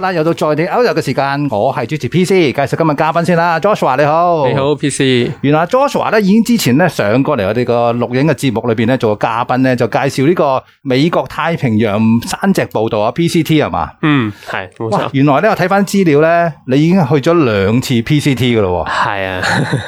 啦，又到再地歐日嘅時間，我係主持 P.C. 介紹今日嘉賓先啦。Joshua 你好，你好 P.C. 原來 Joshua 咧已經之前咧上過嚟我哋個錄影嘅節目裏邊咧做過嘉賓咧，就介紹呢個美國太平洋山脊步道啊。P.C.T. 係嘛？嗯，係冇錯。原來咧我睇翻資料咧，你已經去咗兩次 P.C.T. 嘅咯喎。係啊，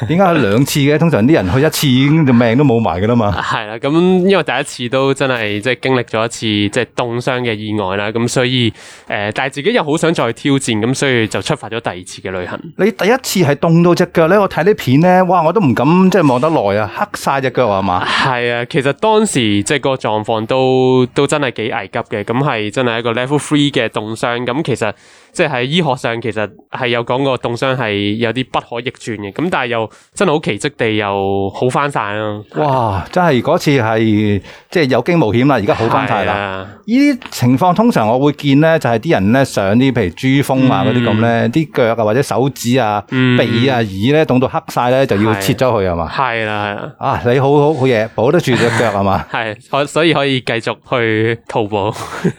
點解 去兩次嘅？通常啲人去一次已經命都冇埋嘅啦嘛。係啦、 啊，咁因為第一次都真係即係經歷咗一次即係凍傷嘅意外啦，咁所以誒、呃，但係自己又好，想再挑戰咁，所以就出發咗第二次嘅旅行。你第一次係凍到隻腳咧，我睇啲片咧，哇，我都唔敢即係望得耐啊，黑晒隻腳係嘛？係啊，其實當時即係、就是、個狀況都都真係幾危急嘅，咁係真係一個 level three 嘅凍傷，咁其實。即係喺醫學上，其實係有講過凍傷係有啲不可逆轉嘅，咁但係又真係好奇蹟地又好翻晒咯、啊。哇！真係嗰次係即係有驚無險啦，而家好翻晒啦。呢啲的情況通常我會見呢，就係啲人呢上啲譬如珠峰啊嗰啲咁呢，啲腳啊或者手指啊、嗯、鼻啊、耳呢，凍到黑晒呢，就要切咗佢係嘛？係啦係啦。的啊，你好好好嘢，保得住隻腳係嘛？係 所以可以繼續去徒步。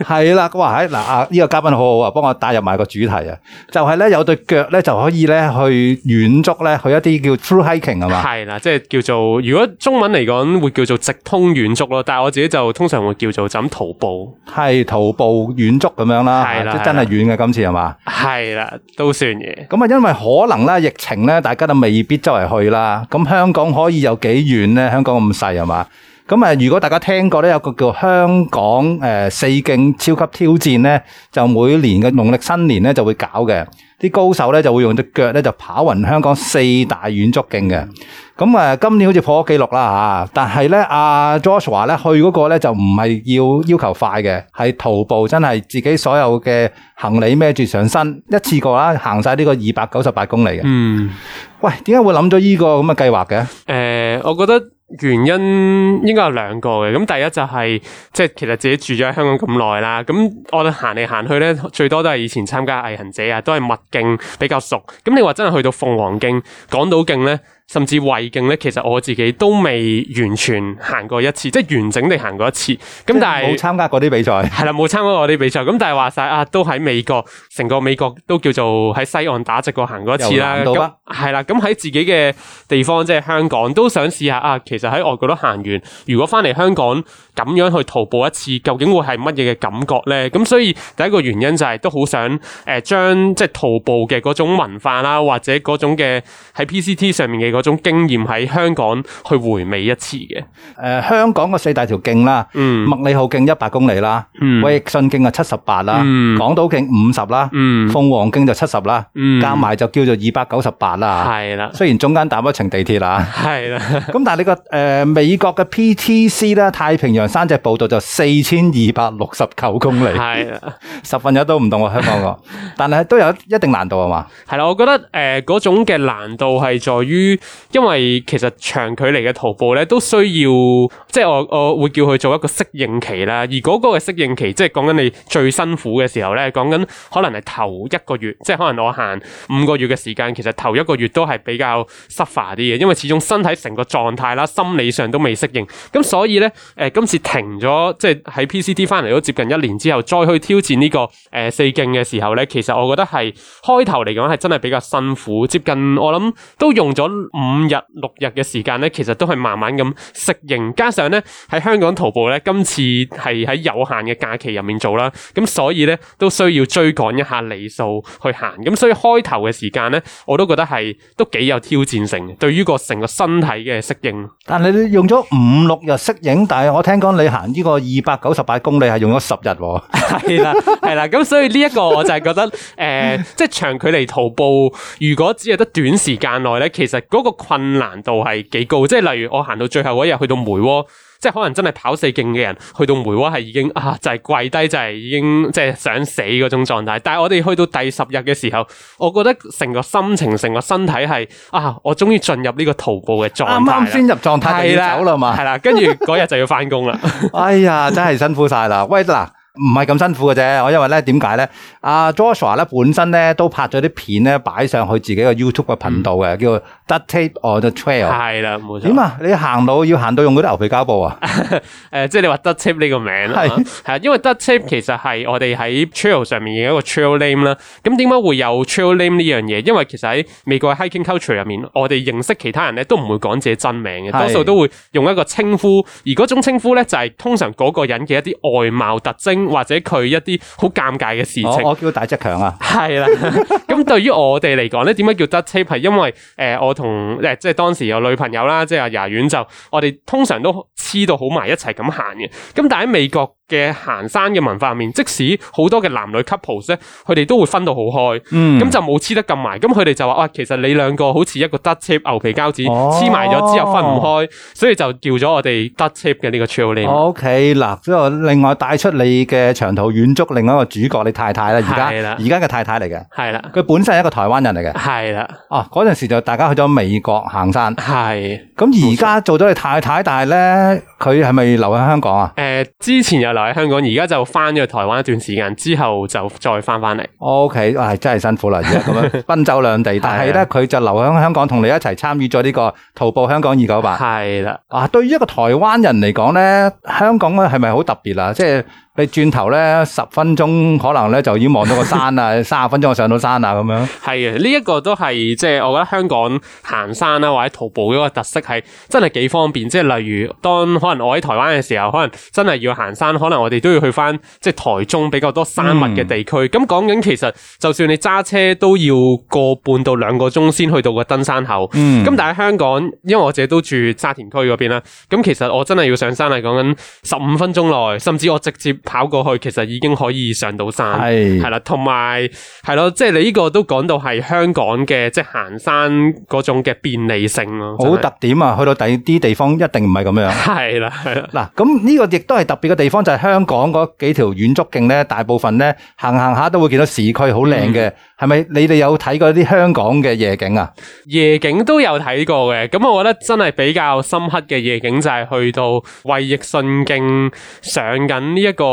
係 啦，咁話喺嗱，呢、這個嘉賓好好啊，幫我帶入埋佢。 主題啊，就係、是、咧有對腳咧就可以咧去遠足咧，去一啲叫 through hiking 係嘛？係啦，即係叫做如果中文嚟講會叫做直通遠足咯，但係我自己就通常會叫做就咁徒步，係徒步遠足咁樣啦，的即真係遠嘅今次係嘛？係啦，都算嘅。咁啊，因為可能咧疫情咧，大家都未必周圍去啦，咁香港可以有幾遠咧？香港咁細係嘛？咁啊！如果大家聽過咧，有個叫香港誒四徑超級挑戰咧，就每年嘅農曆新年咧就會搞嘅，啲高手咧就會用隻腳咧就跑勻香港四大遠足徑嘅。咁啊，今年好似破咗記錄啦嚇！但係咧，阿 Joshua 咧去嗰個咧就唔係要要求快嘅，係徒步真係自己所有嘅行李孭住上身一次過啦，行曬呢個二百九十八公里嘅。嗯，喂，點解會諗咗依個咁嘅計劃嘅？誒，我覺得。原因應該有兩個嘅，咁第一就係、是、即係其實自己住咗喺香港咁耐啦，咁我哋行嚟行去咧，最多都係以前參加毅行者啊，都係麥徑比較熟，咁你話真係去到鳳凰徑、港島徑咧，甚至衞徑咧，其實我自己都未完全行過一次，即係完整地行過一次。咁但係冇參加嗰啲比賽，係啦，冇參加嗰啲比賽。咁但係話晒啊，都喺美國，成個美國都叫做喺西岸打直過行過一次啦。係啦，咁喺自己嘅地方即係香港，都想試下啊。其實喺外國都行完，如果翻嚟香港咁樣去徒步一次，究竟會係乜嘢嘅感覺咧？咁所以第一個原因就係、是、都好想誒，將、呃、即係徒步嘅嗰種文化啦，或者嗰種嘅喺 PCT 上面嘅。嗰種經驗喺香港去回味一次嘅，誒，香港嘅四大條徑啦，嗯，麥理浩徑一百公里啦，嗯，衛奕信徑啊七十八啦，嗯，港島徑五十啦，嗯，鳳凰徑就七十啦，嗯，加埋就叫做二百九十八啦，係啦，雖然中間搭一程地鐵啦，係啦，咁但係你個誒美國嘅 PTC 咧，太平洋山脊步道就四千二百六十九公里，係啦，十分一都唔同我香港個，但係都有一定難度係嘛，係啦，我覺得誒嗰種嘅難度係在於。因為其實長距離嘅徒步咧，都需要即係我我會叫佢做一個適應期啦。而嗰個嘅適應期，即係講緊你最辛苦嘅時候咧，講緊可能係頭一個月，即係可能我行五個月嘅時間。其實頭一個月都係比較 suffer 啲嘅，因為始終身體成個狀態啦，心理上都未適應。咁所以咧，誒、呃、今次停咗，即係喺 PCT 翻嚟都接近一年之後，再去挑戰呢、這個誒、呃、四徑嘅時候咧，其實我覺得係開頭嚟講係真係比較辛苦。接近我諗都用咗。五日六日嘅時間咧，其實都係慢慢咁適應。加上咧喺香港徒步咧，今次係喺有限嘅假期入面做啦，咁所以咧都需要追趕一下里數去行，咁、嗯、所以開頭嘅時間咧，我都覺得係都幾有挑戰性，對於個成個身體嘅適應。但係你用咗五六日適應，但係我聽講你行呢個二百九十八公里係用咗十日喎。係啦， 係啦，咁所以呢一個我就係覺得，誒、呃、即係長距離徒步，如果只係得短時間內咧，其實嗰、那個個困難度係幾高，即係例如我行到最後嗰日去到梅窩，即係可能真係跑四徑嘅人去到梅窩係已經啊，就係、是、跪低就係、是、已經即係、就是、想死嗰種狀態。但係我哋去到第十日嘅時候，我覺得成個心情、成個身體係啊，我終於進入呢個徒步嘅狀態，啱啱先入狀態就走啦嘛，係啦，跟住嗰日就要返工啦。 哎呀，真係辛苦晒啦！喂，嗱。唔係咁辛苦嘅啫，我因為咧，點解咧？阿、啊、Joshua 咧本身咧都拍咗啲片咧，擺上去自己個 YouTube 嘅頻道嘅，嗯、叫 Duct Tape on the Trail。係啦，冇錯。點啊、哎？你行到要行到用嗰啲牛皮膠布啊？誒， 即係你話 Duct Tape 呢個名啦，係是啊，因為 Duct Tape 其實係我哋喺 Trail 上面嘅一個 Trail Name 啦。咁點解會有 Trail Name 呢樣嘢？因為其實喺美國嘅 Hiking Culture 入面，我哋認識其他人咧都唔會講自己真名嘅，多數都會用一個稱呼，而嗰種稱呼咧就係通常嗰個人嘅一啲外貌特徵。或者佢一啲好尷尬嘅事情我，我叫大隻強啊 是的，係 啦。咁對於我哋嚟講咧，點解叫 Duct Tape？係因為誒、呃，我同誒、呃，即係當時有女朋友啦，即係阿兒園就我哋通常都黐到好埋一齊咁行嘅。咁但喺美國嘅行山嘅文化入面，即使好多嘅男女 couple 咧，佢哋都會分到好開，咁、嗯、就冇黐得咁埋。咁佢哋就話，哇，其實你兩個好似一個 duct tape 牛皮膠紙黐埋咗之後分唔開，所以就叫咗我哋 duct tape 嘅呢個 channel O K，嗱，即、okay，係另外帶出你嘅長途遠足，另外一個主角你太太啦，而家而家嘅太太嚟嘅，係啦的，佢本身係一個台灣人嚟嘅，係啦的，哦、啊，嗰陣時就大家去咗美國行山，係的，咁而家做咗你太太，但係咧佢係咪留喺香港啊？誒、呃，之前又。留。喺香港，而家就翻咗去台灣一段時間，之後就再翻翻嚟。OK，哇，真係辛苦啦，即係咁樣奔走兩地， 但係咧佢就留喺香港同你一齊參與咗呢個徒步香港二九八。係啦的，啊，對於一個台灣人嚟講咧，香港咧係咪好特別啊？即係。.你轉頭咧十分鐘可能咧就已經望到個山啦，三十 分鐘我上到山啊咁樣。係啊，呢、這、一個都係即係，就是、我覺得香港行山啦、啊、或者徒步嘅一個特色係真係幾方便。即、就、係、是、例如，當可能我喺台灣嘅時候，可能真係要行山，可能我哋都要去翻即係台中比較多山脈嘅地區。咁講緊其實，就算你揸車都要個半到兩個鐘先去到個登山口。嗯。咁但係香港，因為我自己都住沙田區嗰邊啦，咁其實我真係要上山係講緊十五分鐘內，甚至我直接，跑過去其實已經可以上到山，係啦的，同埋係咯，即係、就是、你呢個都講到係香港嘅，即、就、係、是、行山嗰種嘅便利性好特點啊！去到第二啲地方一定唔係咁樣，係啦，係啦。嗱、啊，咁呢個亦都係特別嘅地方，就係、是、香港嗰幾條遠足徑咧，大部分咧行行下都會見到市區好靚嘅。係咪、嗯、你哋有睇過啲香港嘅夜景啊？夜景都有睇過嘅，咁我覺得真係比較深刻嘅夜景就係去到衛奕信徑上緊呢一個。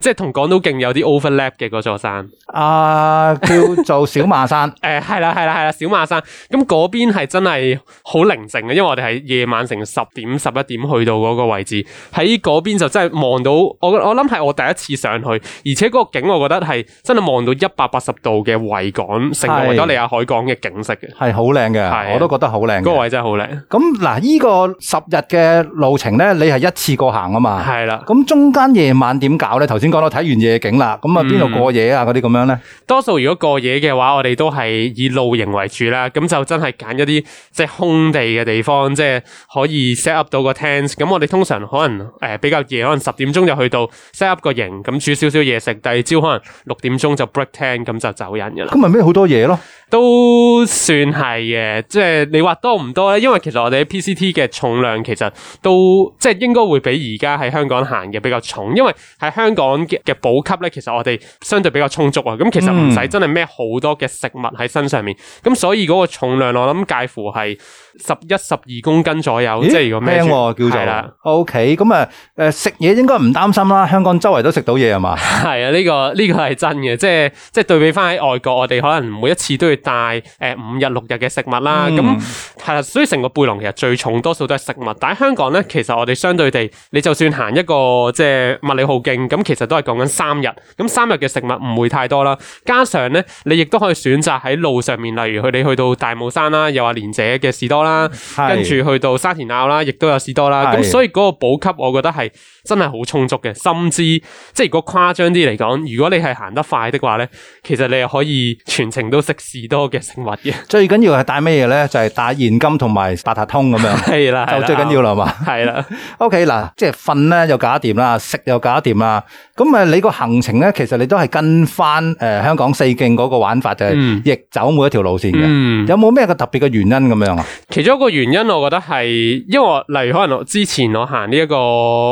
即係同港島徑有啲 overlap 嘅嗰座山，啊叫做小馬山，誒係啦係啦係啦小馬山，咁嗰邊係真係好寧靜嘅，因為我哋係夜晚成十點十一點去到嗰個位置，喺嗰邊就真係望到我，我諗係我第一次上去，而且嗰個景我覺得係真係望到一百八十度嘅維港，是成個維多利亞海港嘅景色嘅，係好靚嘅，是我都覺得好靚，個位真係好靚。咁嗱，依個十日嘅路程咧，你係一次過行啊嘛，係啦的，咁中間夜晚點搞咧？頭先。講到睇完夜景啦，咁啊邊度過夜啊？嗰啲咁樣咧，多數如果過夜嘅話，我哋都係以露營為主啦。咁就真係揀一啲即係空地嘅地方，即係可以 set up 到個 t a n s 咁我哋通常可能誒、呃、比較夜，可能十點鐘就去到 set up 個營，咁、嗯、煮少少嘢食。第二朝可能六點鐘就 break tent，咁就走人噶啦。咁咪咩好多嘢咯？都算係嘅，即係你話多唔多咧？因為其實我哋 PCT 嘅重量其實都即係應該會比而家喺香港行嘅比較重，因為喺香港。嘅嘅補給咧，其實我哋相對比較充足啊。咁其實唔使真係孭好多嘅食物喺身上面。咁、嗯、所以嗰個重量我諗介乎係十一、十二公斤左右。即咦？咁輕、啊、叫做啦。O K 了。咁啊誒食嘢應該唔擔心啦。香港周圍都食到嘢啊嘛？係啊，呢、這個呢、這個係真嘅。即係即係對比翻喺外國，我哋可能每一次都要帶誒五、呃、日六日嘅食物啦。咁係、嗯、啊，所以成個背囊其實最重多數都係食物。但喺香港咧，其實我哋相對地，你就算行一個即係麥理浩徑咁，其實都係講緊三日，咁三日嘅食物唔會太多啦。加上咧，你亦都可以選擇喺路上面，例如去你去到大帽山啦，又話連者嘅士多啦，是跟住去到沙田坳啦，亦都有士多啦。咁是所以嗰個補給，我覺得係真係好充足嘅，甚至即係如果誇張啲嚟講，如果你係行得快的話咧，其實你係可以全程都食士多嘅食物嘅。最緊要係帶咩嘢咧？就係、是、帶現金同埋八達通咁樣。係啦，就最緊要啦嘛。係啦。O K 嗱，即係瞓咧又搞掂啦，食又搞掂啦。咁啊，你個行程咧，其實你都係跟翻誒、呃、香港四徑嗰個玩法，就係、是、逆走每一條路線嘅。嗯嗯、有冇咩個特別嘅原因咁樣啊？其中一個原因，我覺得係因為我例如可能我之前我行呢一個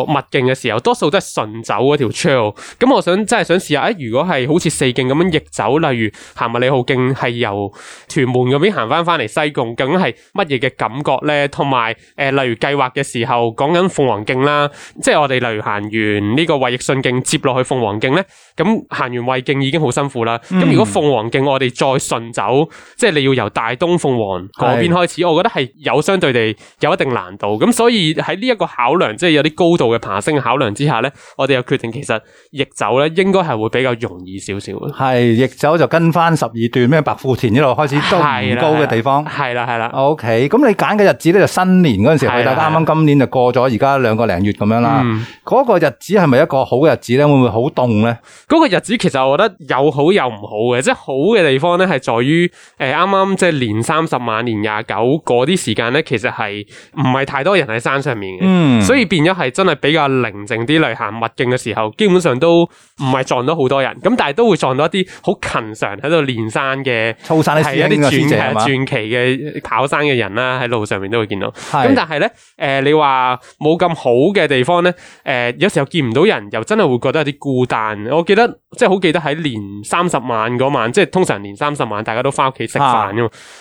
麥徑嘅時候，多數都係順走嗰條 trail。咁我真想真係想試下，誒、啊、如果係好似四徑咁樣逆走，例如行麥理浩徑係由屯門嗰邊行翻翻嚟西貢，究竟係乜嘢嘅感覺咧？同埋誒例如計劃嘅時候講緊鳳凰徑啦，即係我哋例如行完呢個衛奕信徑接落 去鳳凰徑咧，咁行完衛徑已經好辛苦啦。咁、嗯、如果鳳凰徑我哋再順走，即、就、係、是、你要由大東鳳凰嗰邊開始，是的 我覺得係有相對地有一定難度。咁、嗯、所以喺呢一個考量，即、就、係、是、有啲高度嘅爬升考量之下咧，我哋又決定其實逆走咧應該係會比較容易少少。係逆走就跟翻十二段咩白富田呢度開始都唔高嘅地方。係啦係啦。O K，咁你揀嘅日子咧就新年嗰陣時候，大家啱啱今年就過咗，而家兩個零月咁樣啦。嗰、嗯、個日子係咪一個好嘅日子咧？會唔會好凍咧？嗰個日子其實我覺得有好有唔好嘅，即、就、係、是、好嘅地方咧，係在於誒啱啱即係年三十晚年廿九嗰啲時間咧，其實係唔係太多人喺山上面嘅，嗯、所以變咗係真係比較寧靜啲嚟，行麥徑嘅時候，基本上都唔係撞到好多人，咁但係都會撞到一啲好勤常喺度練山嘅操山啲師兄啊嘛，係一啲傳、嗯、奇傳奇嘅跑山嘅人啦，喺路上面都會見到。咁是但係咧，誒、呃、你話冇咁好嘅地方咧，誒、呃、有時候見唔到人，又真係會。覺得有啲孤單，我記得即係好記得喺年三十晚嗰晚，即係通常年三十晚大家都返屋企食飯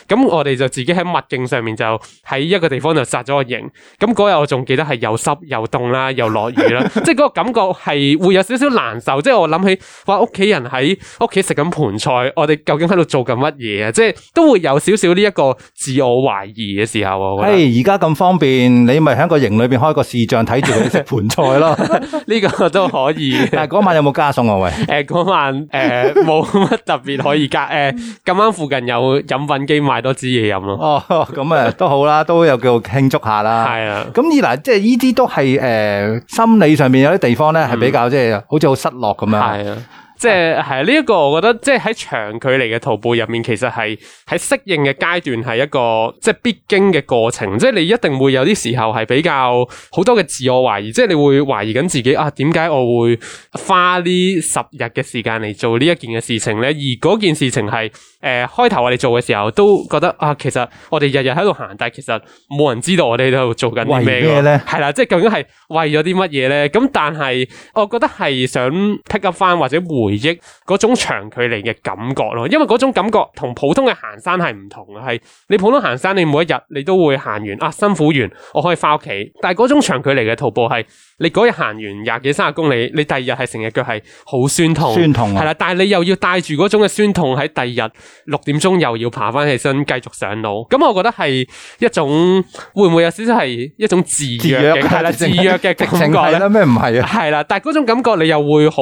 噶咁我哋就自己喺麥徑上面就喺一個地方就殺咗個營，咁嗰日我仲記得係又濕又凍啦，又落雨啦，即係嗰個感覺係會有少少難受，即係我諗起話屋企人喺屋企食緊盆菜，我哋究竟喺度做緊乜嘢啊？即係都會有少少呢一個自我懷疑嘅時候。誒，而家咁方便，你咪喺個營裏邊開個視像睇住佢哋食盆菜咯，呢 個都可以。但係嗰晚有冇加餸啊？喂，誒，嗰晚誒冇乜特別可以加，誒，咁啱附近有飲品機買多支嘢飲咯。哦，咁啊都好啦，都有叫慶祝下啦。係啊，咁而嗱，即係呢啲都係誒心理上面有啲地方咧，係比較即係好似好失落咁樣。係啊。即係係呢一個，我覺得即係喺長距離嘅徒步入面，其實係喺適應嘅階段，係一個即係必經嘅過程。即係你一定會有啲時候係比較好多嘅自我懷疑，即係你會懷疑緊自己啊，點解我會花呢十日嘅時間嚟做呢一件嘅事情咧？而嗰件事情係誒、呃、開頭我哋做嘅時候，都覺得啊，其實我哋日日喺度行，但係其實冇人知道我哋喺度做緊啲咩嘢咧？係啦，即係究竟係為咗啲乜嘢咧？咁但係我覺得係想 pick up 翻，或者回。回憶嗰種長距離嘅感覺咯，因為嗰種感覺同普通嘅行山係唔同啊，係你普通行山，你每一日你都會行完啊，辛苦完，我可以翻屋企。但係嗰種長距離嘅徒步係，你嗰日行完廿幾、三十公里，你第二日係成日腳係好酸痛，酸痛係、啊、啦。但係你又要帶住嗰種嘅酸痛喺第二日六點鐘又要爬翻起身繼續上路。咁、嗯、我覺得係一種會唔會有少少係一種自虐係啦，自虐弱嘅、啊、的感覺咧咩，唔係啊？係啦，但係嗰種感覺你又會好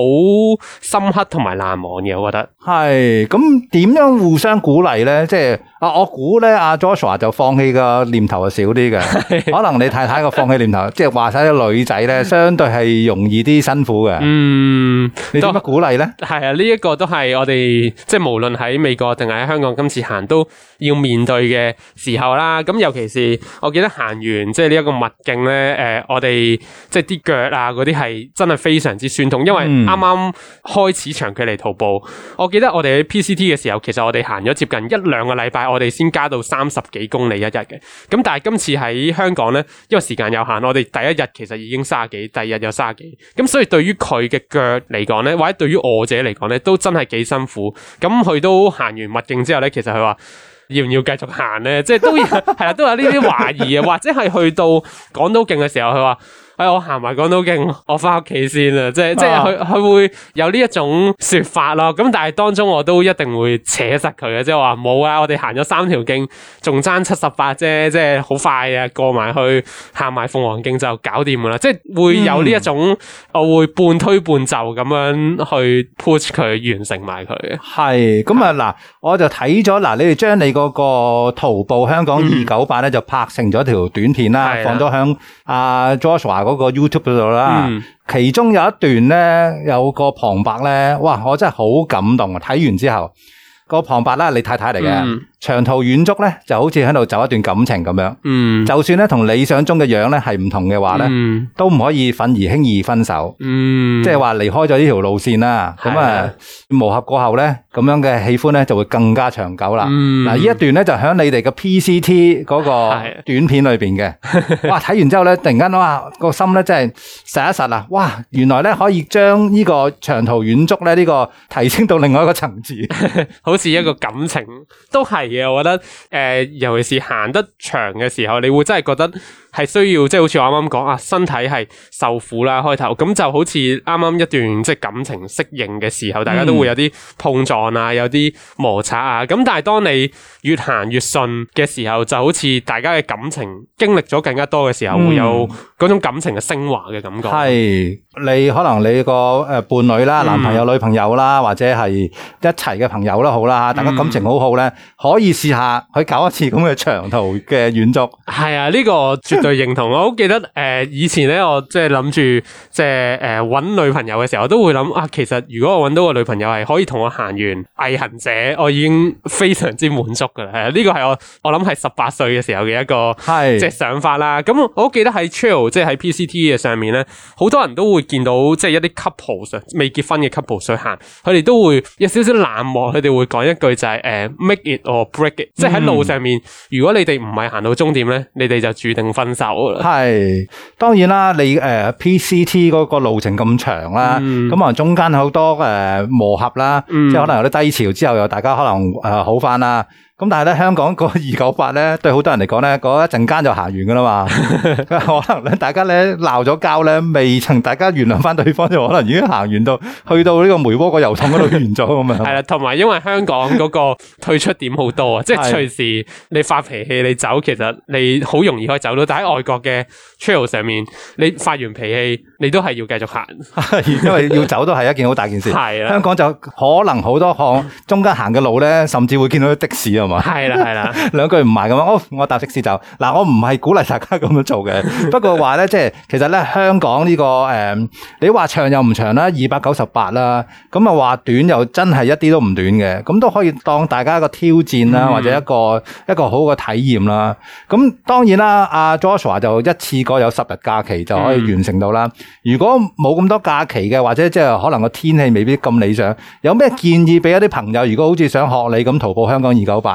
深。黑同埋難忘嘅，我覺得係咁點樣互相鼓勵咧？即係啊，我估咧阿 Joshua 就放棄個念頭係少啲嘅，可能你太太個放棄念頭，即係話曬啲女仔咧，相對係容易啲辛苦嘅。嗯，你點樣鼓勵咧？係啊，呢一個都係我哋即係無論喺美國定係喺香港，今次行都要面對嘅時候啦。咁尤其是我記得行完即係呢一個墨鏡咧，誒，我哋即係啲腳啊嗰啲係真係非常之酸痛，因為啱啱開始。長距離徒步，我記得我哋喺 PCT 嘅時候，其實我哋行咗接近一兩個禮拜，我哋先加到三十幾公里一日嘅。咁但係今次喺香港呢，因為時間有限，我哋第一日其實已經三十幾，第二日又三十幾，咁所以對於佢嘅腳嚟講呢，或者對於我自己嚟講呢，都真係幾辛苦。咁佢都行完麥徑之後呢，其實佢話要唔要繼續行呢？就是即係都係啦，都有呢啲懷疑啊，或者係去到港島徑嘅時候，佢話。誒、哎，我行埋港島徑，我翻屋企先啊！即係即係，佢佢會有呢一種說法咯。咁但係當中，我都一定會扯實佢嘅，即係話冇啊！我哋行咗三條徑，仲爭七十八啫，即係好快啊！過埋去行埋鳳凰徑就搞掂噶啦！即係會有呢一種，嗯、我會半推半就咁樣去 push 佢完成埋佢。係咁啊！嗱，我就睇咗嗱，你哋將你嗰個徒步香港二九八咧，就拍成咗條短片啦，是啊、放咗響阿 Joshua。呃 Joshua 嗰個 YouTube 嗰度、嗯、其中有一段咧，有個旁白咧，哇！我真係好感動啊，睇完之後、嗰個旁白咧，你太太嚟嘅。嗯長途遠足咧，就好似喺度走一段感情咁樣。嗯，就算咧同理想中嘅樣咧係唔同嘅話咧，都唔可以憤而輕易分手。嗯，即係話離開咗呢條路線啦。咁啊磨合過後咧，咁樣嘅喜歡咧就會更加長久啦。嗱，呢一段咧就響你哋嘅 PCT 嗰個短片裏邊嘅。哇，睇完之後咧，突然間哇個心咧真係實一實啊！哇，原來咧可以將呢個長途遠足咧呢個提升到另外一個層次，好似一個感情都係。嘢，我覺得誒、呃，尤其是行得長嘅時候，你會真係覺得係需要，即係好似我啱啱講啊，身體係受苦啦。開頭咁就好似啱啱一段即係感情適應嘅時候，大家都會有啲碰撞啊，有啲摩擦啊。咁但係當你越行越順嘅時候，就好似大家嘅感情經歷咗更加多嘅時候，嗯、會有嗰種感情嘅升華嘅感覺。係你可能你個誒伴侶啦、男朋友、女朋友啦，或者係一齊嘅朋友都好啦，大家感情好好咧，嗯、可可以試下去搞一次咁嘅長途嘅遠足，係啊！呢、這個我絕對認同。 我好記得誒、呃，以前咧我即係諗住即係誒揾女朋友嘅時候，我都會諗啊。其實如果我揾到個女朋友係可以同我行完毅行者，我已經非常之滿足噶啦。係、呃、啊，呢、這個係我我諗係十八歲嘅時候嘅一個係即係想法啦。咁我好記得喺 trail 即係喺 PCT 嘅上面咧，好多人都會見到即係、就是、一啲 couple 啊，未結婚嘅 couple 想行，佢哋都會有少少冷漠，佢哋會講一句就係、是、誒、呃、make it all。」break it，即係喺路上面，嗯、如果你哋唔係行到終點咧，你哋就注定分手啦。係，當然啦，你誒、呃、PCT 嗰個路程咁長啦，咁可能中間好多誒、呃、磨合啦，嗯、即係可能有啲低潮之後又大家可能誒、呃、好返啦。咁但係咧，香港個二九八咧，對好多人嚟講咧，嗰一陣間就行完噶啦嘛。可能咧，大家咧鬧咗交咧，未曾大家原諒翻對方，就可能已經行完到去到呢個梅窩個油桶嗰度完咗咁樣。係啦，同埋因為香港嗰個退出點好多啊，即係隨時你發脾氣你走，其實你好容易可以走到。但喺外國嘅 trail 上面，你發完脾氣你都係要繼續行，因為要走都係一件好大件事。係啊，香港就可能好多項中間行嘅路咧，甚至會見到啲的士啊。係啦係啦，兩句唔係咁，我我答息先就嗱，我唔係鼓勵大家咁樣做嘅，不過話咧即係其實咧香港呢，這個誒、呃，你話長又唔長啦，二百九十八啦，咁啊話短又真係一啲都唔短嘅，咁都可以當大家一個挑戰啦，或者一個、嗯、者一個一個好嘅體驗啦。咁當然啦，阿 Joshua 就一次過有十日假期就可以完成到啦。嗯、如果冇咁多假期嘅，或者即係可能個天氣未必咁理想，有咩建議俾一啲朋友？如果好似想學你咁徒步香港二九八？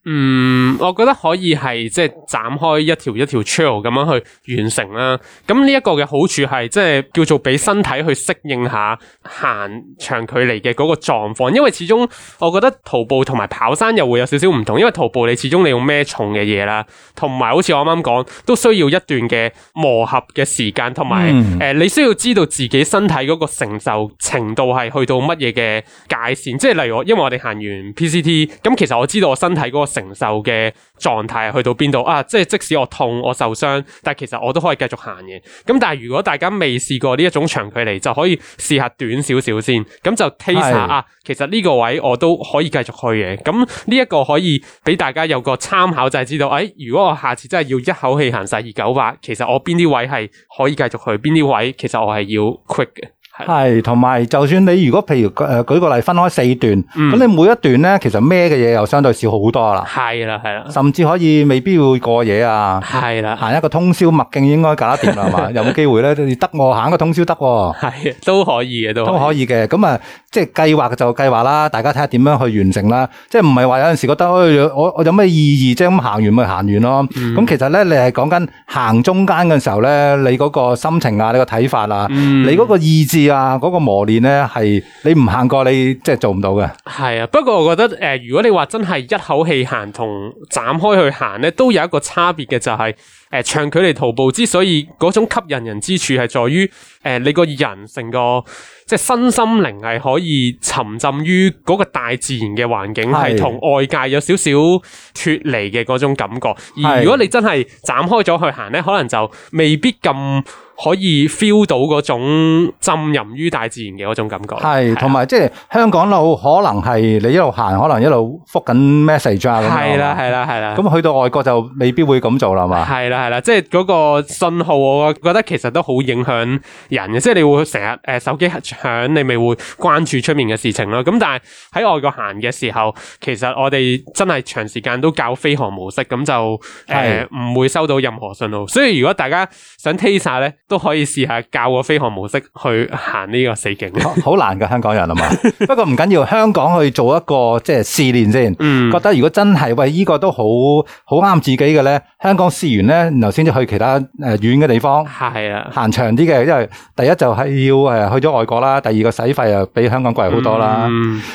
嗯，我覺得可以係即係斬開一條一條 trail 咁樣去完成啦。咁呢一個嘅好處係即係叫做俾身體去適應下行長距離嘅個狀況，因為始終我覺得徒步同埋跑山又會有少少唔同，因為徒步你始終你用咩重嘅嘢啦，同埋好似我啱啱講，都需要一段嘅磨合嘅時間，同埋誒，你需要知道自己身體個承受程度係去到乜嘢嘅界線，即係例如我，因為我哋行完 PCT，咁其實我知道我身體嗰個。承受嘅狀態去到邊度啊？即係即使我痛我受傷，但係其實我都可以繼續行嘅。咁但係如果大家未試過呢一種長距離，就可以試下短少少先。咁就 test 下是啊。其實呢個位我都可以繼續去嘅。咁呢一個可以俾大家有個參考，就係、是、知道誒、哎，如果我下次真係要一口氣行晒二九八，其實我邊啲位係可以繼續去，邊啲位其實我係要 quick 嘅。係，同埋就算你如果譬如、誒，舉個例分開四段，咁你每一段咧，其實孭嘅嘢，又相對少好多啦。係啦係啦，甚至可以未必要過夜啊。係啦，行一個通宵麥徑應該搞得掂啦，係嘛？有冇機會咧？得我行個通宵得喎。係都可以嘅，都都可以嘅，咁啊即係計劃就計劃啦，大家睇下點樣去完成啦。即係唔係話有陣時覺得我我有咩意義啫，咁行完咪行完咯。咁其實咧，你係講緊行中間嘅時候咧，你嗰個心情啊，你個睇法啊，你嗰個意志。嗰個磨練咧，係你唔行過你即係做唔到嘅。係啊，不過我覺得誒、呃，如果你話真係一口氣行同斬開去行咧，都有一個差別嘅，就係、是。誒、呃，長距離徒步之所以嗰種吸引人之處係在於、呃，誒、呃，你人個人成個即係身心靈係可以沉浸於嗰個大自然嘅環境，係同是外界有少少脫離嘅嗰種感覺。而如果你真係斬開咗去行咧，可能就未必咁可以 feel 到嗰種浸淫於大自然嘅嗰種感覺。係，同埋即係是、啊、香港路可能係你一路行，可能一路覆緊 message 啊。係啦、啊，係啦、啊，係啦、啊。咁、嗯、去到外國就未必會咁做啦嘛。係啦。係啦，即係嗰個信號，我覺得其實都好影響人嘅，即係你會成日誒手機響，你咪會關注出面嘅事情咯。咁但係喺外國行嘅時候，其實我哋真係長時間都教飛航模式，咁就誒唔、呃、是會收到任何信號。所以如果大家想 test 下咧，都可以試下教個飛航模式去行呢個死境咯。好難㗎，香港人啊嘛。 不過唔緊要，香港去做一個即係試練先，嗯、覺得如果真係喂依個都好好啱自己嘅咧，香港試完咧。然後先至去其他誒遠嘅地方，係啊，行長啲嘅，因為第一就係要誒去咗外國啦，第二個使費又比香港貴好多啦。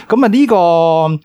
咁啊呢個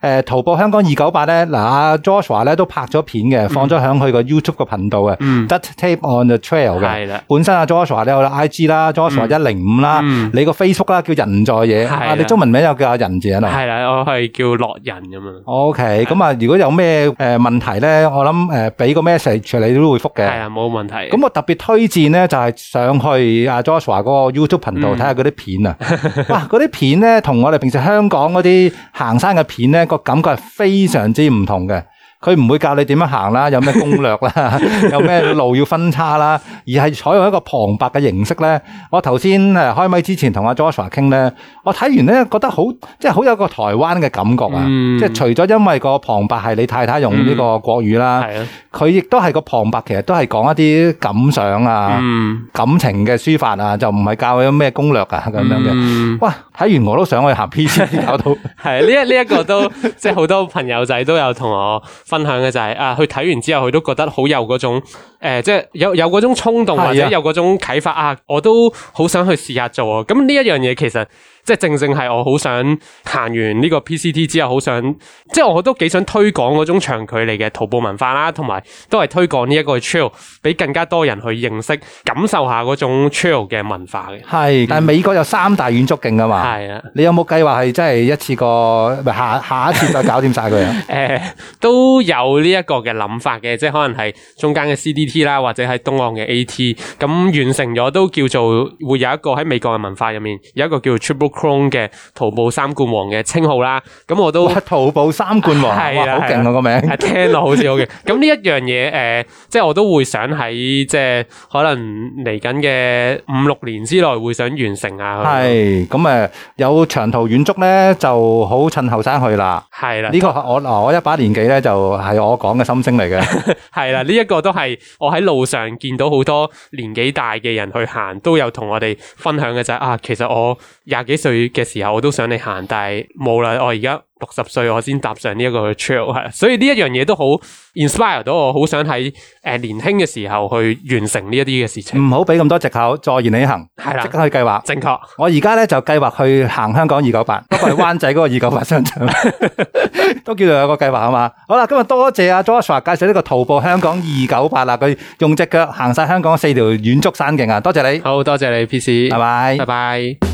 誒徒步香港二九八咧，嗱阿 Joshua 咧都拍咗片嘅，放咗喺佢個 YouTube 個頻道嘅，That Tape on the Trail 嘅。係啦，本身阿 Joshua 咧我啦 IG 啦，Joshua 一零五啦，你個 Facebook 啦叫人在嘢，啊你中文名又叫人字人啊，係啦，我係叫落人咁啊。OK，咁啊如果有咩誒問題咧，我諗誒俾個 message 你都會覆嘅。啊，冇問題。咁我特別推薦呢就係、是、上去 Joshua 嗰個 YouTube 頻道睇下嗰啲片啊。嗯、 哇，嗰啲片呢，同我哋平時香港嗰啲行山嘅片呢，個感覺係非常之唔同嘅。佢唔會教你點樣行啦，有咩攻略啦，有咩路要分叉啦，而係採用一個旁白嘅形式咧。我頭先誒開咪之前同阿 Joshua 傾咧，我睇完咧覺得好，即係好有個台灣嘅感覺啊！嗯、即係除咗因為個旁白係你太太用呢個國語啦，係、嗯、啊，佢亦都係個旁白，其實都係講一啲感想啊、嗯、感情嘅抒發啊，就唔係教咗咩攻略啊咁樣嘅。嗯、哇！睇完我都想去行 PC 搞到、嗯。係呢一呢一個都、這個、即係好多朋友仔都有同我。 分享嘅就係、是、啊，佢睇完之後佢都覺得好有嗰種誒、呃，即係有有嗰種衝動或者有嗰種啟發啊，我都好想去試下做啊！咁呢一樣嘢其實～即係正正係我好想行完呢個 PCT 之後，好想即係我都幾想推廣嗰種長距離嘅徒步文化啦，同埋都係推廣呢一個 trail，俾更加多人去認識、感受下嗰種 trail 嘅文化嘅。係，但係美國有三大遠足徑噶嘛？係啊，你有冇計劃係真係一次過，下下一次就搞掂晒佢啊？誒，都有呢一個嘅諗法嘅，即係可能係中間嘅 CDT 啦，或者係東岸嘅 AT，咁完成咗都叫做會有一個喺美國嘅文化入面有一個叫 Chrome 嘅徒步三冠王嘅稱號啦，咁我都徒步三冠王。哇，好勁啊個名，聽落好似好勁。咁呢一樣嘢，誒，即係我都會想喺即係可能嚟緊嘅五六年之內會想完成啊。係，咁誒有長途遠足咧，就好趁後生去啦。係啦，呢個我我一把年紀咧，就係我講嘅心聲嚟嘅。係啦，呢一個都係我喺路上見到好多年紀大嘅人去行，都有同我哋分享嘅就係啊，其實我廿幾歲嘅時候我都想你行，但係冇啦。我而家六十歲，我先踏上呢一個 trail。所以呢一樣嘢都好 inspire 到我，好想喺誒年輕嘅時候去完成呢一啲嘅事情。唔好俾咁多借口再完你行，係啦的，即刻去計劃。正確確。我而家咧就計劃去行香港二九八，不過係灣仔嗰個二九八商場， 都叫做有個計劃啊嘛。 好啦，今日多謝阿 Joshua 介紹呢個徒步香港二九八啊，佢用隻腳行晒香港四條遠足山徑啊！多謝你，好多謝你，PC，拜拜，拜拜。